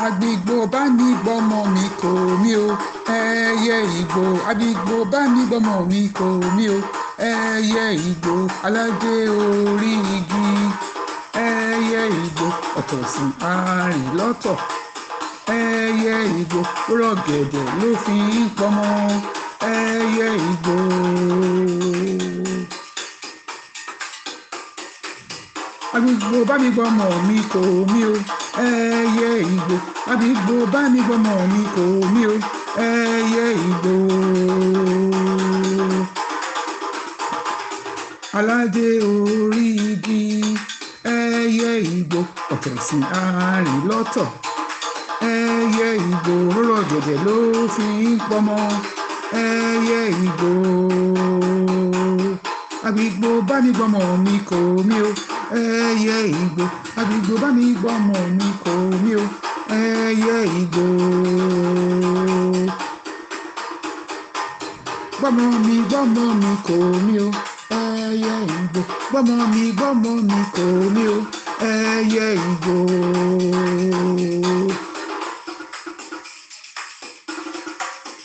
agbègbò bá mi gbọ́mọ mi kò mí o ẹyẹ ìgbò agbègbò bá mi gbọ́mọ mi kò mí o ẹyẹ ìgbò aládé orí igi ẹyẹ ìgbò ọ̀tọ̀ sí àárín lọ́tọ̀ ẹyẹ ìgbò ó rọ̀gẹ̀dẹ̀ ló fi ń pọmọ ẹyẹ ìgbò. àgbègbè bá mi gbọmọ mi kò mí o ẹyẹ ìgbò àgbègbè bá mi gbọmọ mi kò mí o ẹyẹ ìgbò. aládé orí igi ẹyẹ ìgbò ọ̀kẹ́ sí àárín lọ́tọ̀ ẹyẹ ìgbò rọrọ gẹ̀dẹ̀ ló fi ń pọmọ ẹyẹ ìgbò àgbègbè bá mi gbọmọ mi kò mí o. ẹyẹ ìgbò àdúgbò bá mi gbọ́ ọmọ mi kò mí o ẹyẹ ìgbò. gbọ́mọ mi gbọ́mọ mi kò mí o ẹyẹ ìgbò gbọ́mọ mi gbọ́mọ mi kò mí